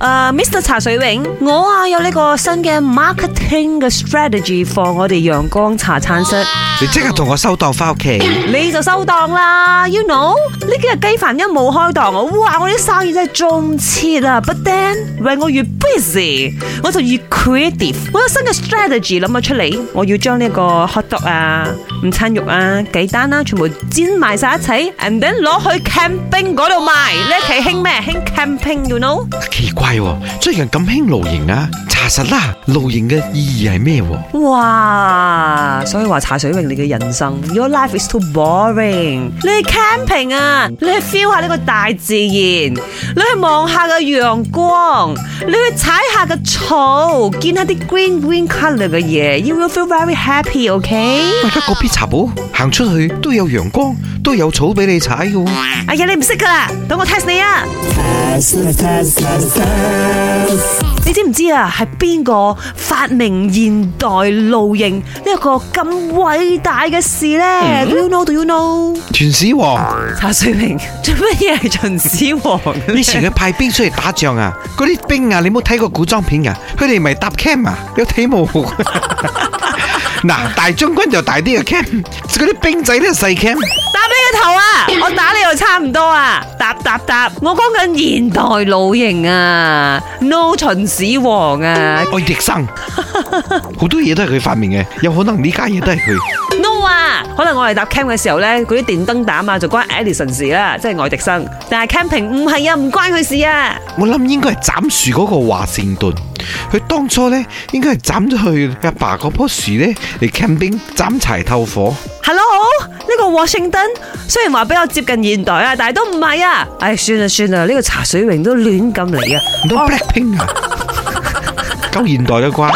誒，Mr. 茶水永，我啊有呢個新嘅 marketing 嘅 strategy 放我哋陽光茶餐室。你即刻同我收檔返屋企，你就收檔啦。You know 呢幾日雞飯一冇開檔，哇！我啲生意真係中切啊。But then，when 我越 busy，我就越 creative。我有新嘅 strategy 諗咗出嚟，我要將呢個 hot dog 啊、午餐肉啊、雞蛋啦，全部煎埋晒一齊，and then 攞去 camping 嗰度賣。呢期興咩？興 camping，you know？奇怪。係喎，哎，最近咁興露營啊！其實啦，露營嘅意義係咩？哇！所以話查水泳，你嘅人生，your life is too boring。你去 camping 啊，你去 feel 下呢個大自然，你去望下個陽光，你去踩下個草，見下啲 green green color 嘅嘢，you will feel very happy，ok？、Okay? 大家個別茶堡行出去都有陽光，都有草俾你踩嘅。哎呀，你唔識噶啦，等我 test 你啊！你知唔知啊？係。邊個發明現代露營、這個、呢一個咁偉大嘅事咧？You know? Do you know？秦始皇，查水平？做乜嘢係秦始皇？ 以前佢派兵出嚟打仗啊，嗰啲兵啊，你冇睇過古裝片㗎？佢哋咪搭 cam 啊？有睇冇？嗱，大將軍就大啲嘅 cam，嗰啲兵仔咧細 cam。頭啊，我打你又差唔多啊，答答答，我講緊現代露營啊，no 秦始皇啊，愛迪生，好 多嘢都係佢發明嘅，有可能呢家嘢都係佢。 no 啊，可能我哋搭 cam 嘅時候咧，嗰啲電燈膽啊就關 Edison 事啦，即係愛迪生。但係 camping 唔係啊，唔關佢事啊。我諗應該係斬樹嗰個華盛頓。佢當初咧，應該係斬咗佢阿爸嗰棵樹咧，嚟 camping，斬柴透火。Hello，呢個華盛頓雖然話比較接近現代啊，但係都唔係啊。唉，算啦算啦，呢、這個茶水榮都亂咁嚟啊，都 Blackpink 啊，夠現代得啩？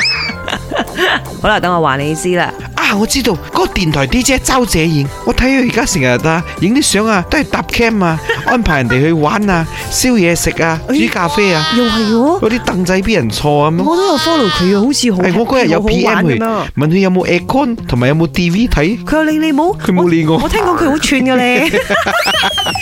好啦，等我話你知啦。啊！我知道嗰個電台 DJ 周姐演，我睇佢而家成日啊，影啲相啊，都係搭 camp 啊，安排人哋去玩啊，燒嘢食啊，煮咖啡啊，又係哦，嗰啲凳仔俾人坐啊。我都有 follow 佢啊，好似好，係我嗰日有 PM 佢，問佢有冇 aircon 同埋有冇 TV 睇，佢話你你冇，佢冇練過。我聽講佢好串噶咧，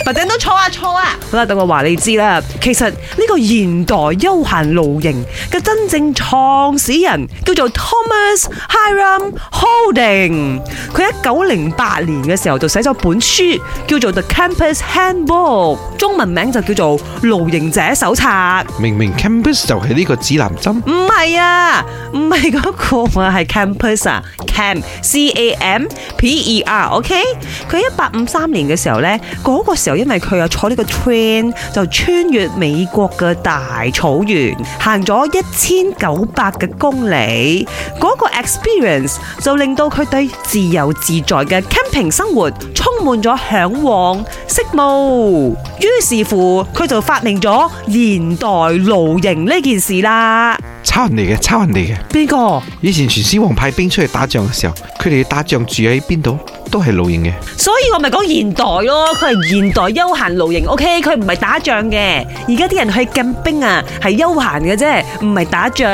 快啲都坐啊坐啊！好啦，等我話你知啦。其實呢個現代休閒露營嘅真正創始人叫做 Thomas Hiram Holden。定佢一九零八年嘅時候就寫咗本書，叫做《The Campus Handbook》，中文名就叫做《露營者手冊》。明明 campus 就係呢個指南針，唔係啊，唔係嗰個，啊係 campus，camp，c a m p e r，ok。佢一八五三年嘅時候咧，嗰個時候因為佢啊坐呢個 train，就穿越美國嘅大草原，行咗一千九百嘅公里，嗰個 experience 就令到佢對自由自在嘅 camping 生活充滿咗向往羨慕，於是乎佢就發明咗現代露營呢件事啦。抄人哋嘅，抄人哋嘅。邊個誰？以前秦始皇派兵出去打仗嘅時候，佢哋打仗住喺邊度？都係露營嘅，所以我咪講現代咯，佢係現代休閒露營，OK，佢唔係打仗嘅。而家啲人去禁兵啊，係休閒嘅啫，唔係打仗。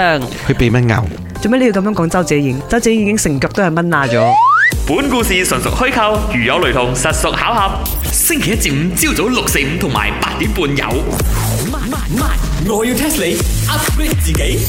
佢畀蚊咬？做咩你要咁樣講周姐英？周姐英已經成腳都係蚊乸咗。本故事純屬虛構，如有雷同，實屬巧合。星期一至五朝早六四五同埋八點半有。唔係，我要 test 你，upgrade 自己。